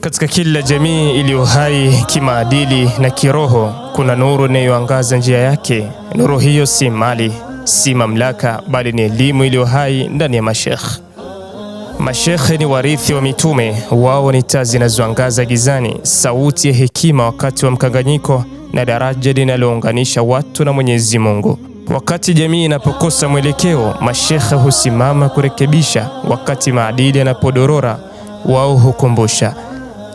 Katika kila jamii iliyo hai kimaadili na kiroho, kuna nuru inayoangaza njia yake. Nuru hiyo si mali, si mamlaka, bali ni elimu iliyo hai ndani ya mashekh. Mashekhe ni warithi wa mitume, wao ni taa zinazoangaza gizani, sauti ya hekima wakati wa mkanganyiko, na daraja linalounganisha watu na Mwenyezi Mungu. Wakati jamii inapokosa mwelekeo, mashekhe husimama kurekebisha. Wakati maadili yanapodorora, wao hukumbusha.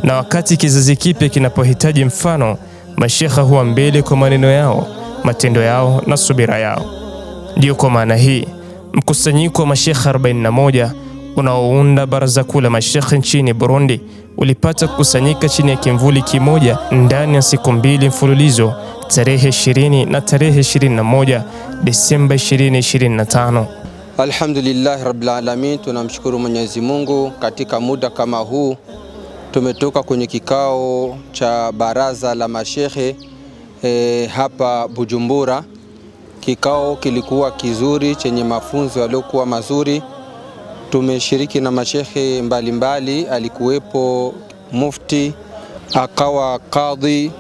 Na wakati kizazi kipya kinapohitaji mfano, mashekhe huwa mbele kwa maneno yao, matendo yao na subira yao. Ndiyo kwa maana hii mkusanyiko wa mashekhe 41 unaounda baraza kuu la mashekhe nchini Burundi ulipata kukusanyika chini ya kimvuli kimoja ndani ya siku mbili mfululizo tarehe 20 na tarehe 21 Desemba 2025. Alhamdulillahi rabbil alamin, tunamshukuru Mwenyezi Mungu katika muda kama huu tumetoka kwenye kikao cha baraza la mashehe e, hapa Bujumbura. Kikao kilikuwa kizuri chenye mafunzo yaliyokuwa mazuri. Tumeshiriki na mashehe mbalimbali, alikuwepo mufti, akawa kadhi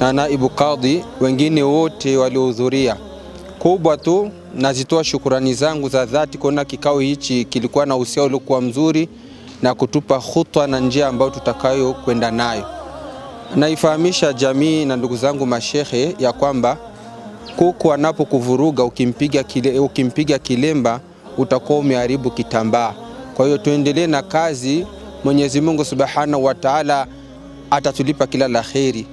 na naibu kadhi wengine wote waliohudhuria. Kubwa tu nazitoa shukurani zangu za dhati kuona kikao hichi kilikuwa na uhusiano uliokuwa mzuri na kutupa hutwa na njia ambayo tutakayo kwenda nayo. Naifahamisha jamii na ndugu zangu mashehe ya kwamba kuku anapokuvuruga ukimpiga, kile, ukimpiga kilemba utakuwa umeharibu kitambaa. Kwa hiyo tuendelee na kazi. Mwenyezi Mungu Subhanahu wa Ta'ala atatulipa kila la kheri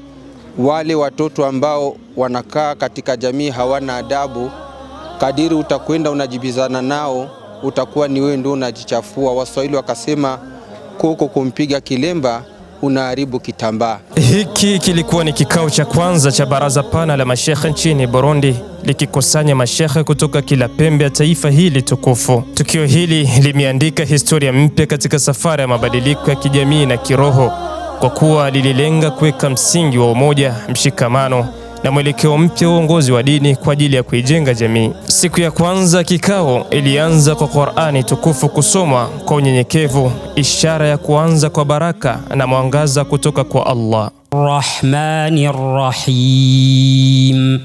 wale watoto ambao wanakaa katika jamii hawana adabu, kadiri utakwenda unajibizana nao, utakuwa ni wewe ndio unajichafua. Waswahili wakasema koko kumpiga kilemba unaharibu kitambaa. Hiki kilikuwa ni kikao cha kwanza cha baraza pana la mashekhe nchini Burundi likikusanya mashekhe kutoka kila pembe ya taifa hili tukufu. Tukio hili limeandika historia mpya katika safari ya mabadiliko ya kijamii na kiroho kwa kuwa lililenga kuweka msingi wa umoja, mshikamano na mwelekeo mpya wa uongozi wa dini kwa ajili ya kuijenga jamii. Siku ya kwanza kikao ilianza kwa Qur'ani tukufu kusomwa kwa unyenyekevu, ishara ya kuanza kwa baraka na mwangaza kutoka kwa Allah. Rahmani Rahim.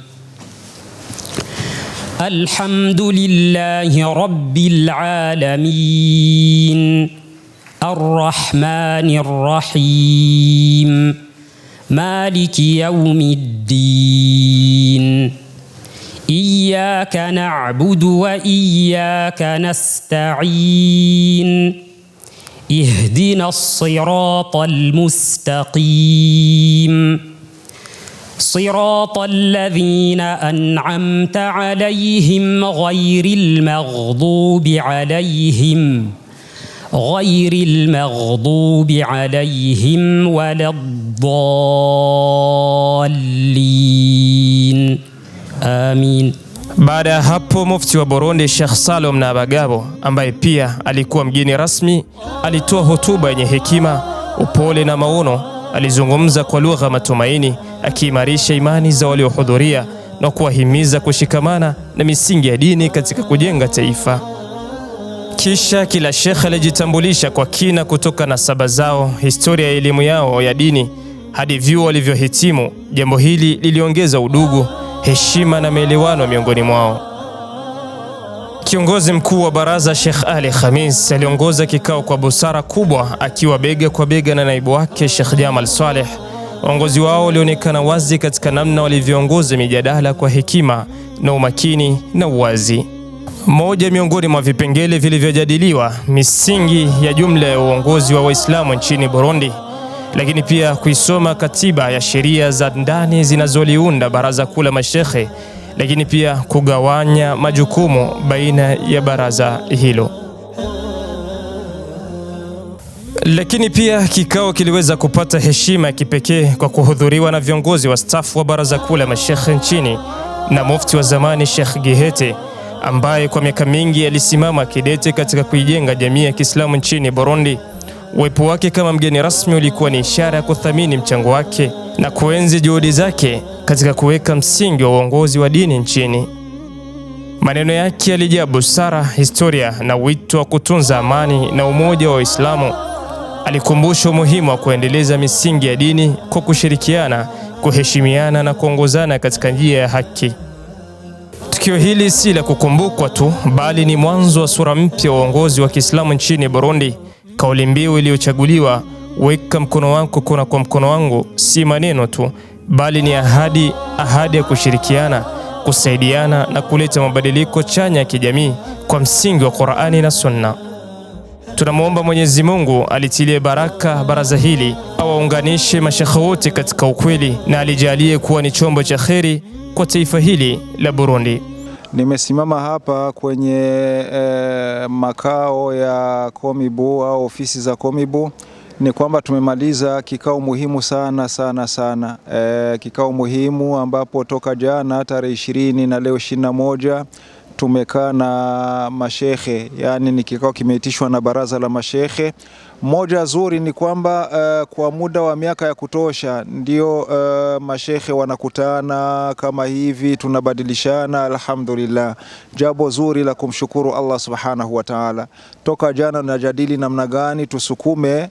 Alhamdulillahi Rabbil Alamin الرحمن الرحيم مالك يوم الدين اياك نعبد واياك نستعين اهدنا الصراط المستقيم صراط الذين انعمت عليهم غير المغضوب عليهم غير المغضوب عليهم ولا الضالين آمين. Baada ya hapo mufti wa Burundi Sheikh Salom na Bagabo ambaye pia alikuwa mgeni rasmi alitoa hotuba yenye hekima, upole na maono. Alizungumza kwa lugha matumaini, akiimarisha imani za waliohudhuria na kuwahimiza kushikamana na misingi ya dini katika kujenga taifa. Kisha kila shekhe alijitambulisha kwa kina kutoka nasaba zao, historia ya elimu yao ya dini hadi vyuo walivyohitimu. Jambo hili liliongeza udugu, heshima na maelewano miongoni mwao. Kiongozi mkuu wa baraza Sheikh Ali Khamis aliongoza kikao kwa busara kubwa, akiwa bega kwa bega na naibu wake Sheikh Jamal Saleh. Uongozi wao ulionekana wazi katika namna walivyoongoza mijadala kwa hekima na umakini na uwazi. Moja miongoni mwa vipengele vilivyojadiliwa misingi ya jumla ya uongozi wa Waislamu nchini Burundi, lakini pia kuisoma katiba ya sheria za ndani zinazoliunda baraza kuu la mashehe, lakini pia kugawanya majukumu baina ya baraza hilo. Lakini pia kikao kiliweza kupata heshima ya kipekee kwa kuhudhuriwa na viongozi wa stafu wa baraza kuu la mashehe nchini na mufti wa zamani Sheikh Gihete ambaye kwa miaka mingi alisimama kidete katika kuijenga jamii ya Kiislamu nchini Burundi. Uwepo wake kama mgeni rasmi ulikuwa ni ishara ya kuthamini mchango wake na kuenzi juhudi zake katika kuweka msingi wa uongozi wa dini nchini. Maneno yake yalijaa busara, historia na wito wa kutunza amani na umoja wa Waislamu. Alikumbusha umuhimu wa kuendeleza misingi ya dini kwa kushirikiana, kuheshimiana na kuongozana katika njia ya haki. Tukio hili si la kukumbukwa tu, bali ni mwanzo wa sura mpya wa uongozi wa Kiislamu nchini Burundi. Kauli mbiu iliyochaguliwa weka mkono wako kuna kwa mkono wangu, si maneno tu, bali ni ahadi, ahadi ya kushirikiana, kusaidiana na kuleta mabadiliko chanya ya kijamii kwa msingi wa Qur'ani na Sunna. Tunamwomba Mwenyezi Mungu alitilie baraka baraza hili, awaunganishe mashekhe wote katika ukweli na alijalie kuwa ni chombo cha kheri kwa taifa hili la Burundi. Nimesimama hapa kwenye e, makao ya Komibu au ofisi za Komibu. Ni kwamba tumemaliza kikao muhimu sana sana sana, e, kikao muhimu ambapo toka jana tarehe ishirini na leo ishirini na moja tumekaa na mashehe, yaani ni kikao kimeitishwa na baraza la mashehe moja zuri ni kwamba uh, kwa muda wa miaka ya kutosha ndio uh, mashehe wanakutana kama hivi, tunabadilishana alhamdulillah, jambo zuri la kumshukuru Allah subhanahu wa ta'ala. Toka jana tunajadili namna gani tusukume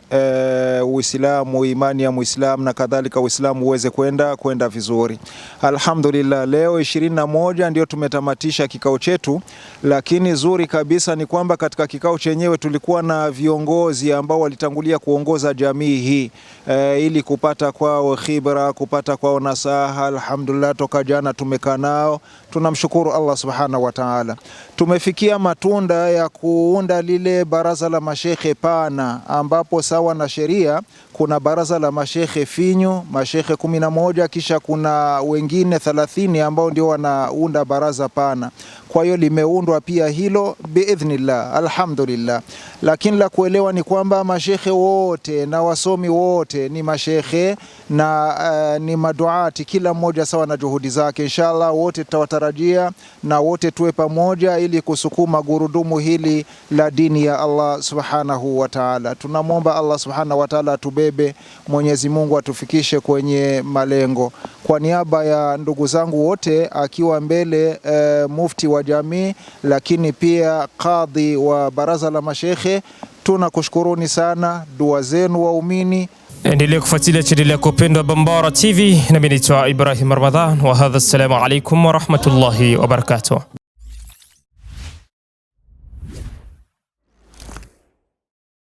uh, Uislamu, imani ya Muislamu na kadhalika, Uislamu uweze kwenda kwenda vizuri. Alhamdulillah, leo 21 ndio tumetamatisha kikao chetu, lakini zuri kabisa ni kwamba katika kikao chenyewe tulikuwa na viongozi ambao ambao walitangulia kuongoza jamii hii e, ili kupata kwao khibra, kupata kwao nasaha. Alhamdulillah, toka jana tumekaa nao, tunamshukuru Allah subhanahu wa ta'ala. Tumefikia matunda ya kuunda lile baraza la mashekhe pana, ambapo sawa na sheria kuna baraza la mashekhe finyu, mashekhe kumi na moja, kisha kuna wengine thalathini ambao ndio wanaunda baraza pana. Kwa hiyo limeundwa pia hilo biidhnillah, alhamdulillah, lakini la kuelewa ni kwamba mashehe wote na wasomi wote ni mashehe na uh, ni maduati, kila mmoja sawa na juhudi zake. Inshallah wote tutawatarajia na wote tuwe pamoja, ili kusukuma gurudumu hili la dini ya Allah subhanahu wa ta'ala. Tunamwomba Allah subhanahu wa ta'ala atubebe, Mwenyezi Mungu atufikishe kwenye malengo. Kwa niaba ya ndugu zangu wote, akiwa mbele uh, mufti wa jamii, lakini pia kadhi wa baraza la mashehe Tunakushukuruni sana dua zenu waumini. Endelea kufuatilia chaneli yako pendwa Bambara TV, nami naitwa Ibrahim Ramadhan wa hadha. Assalamu alaikum warahmatullahi wabarakatuh.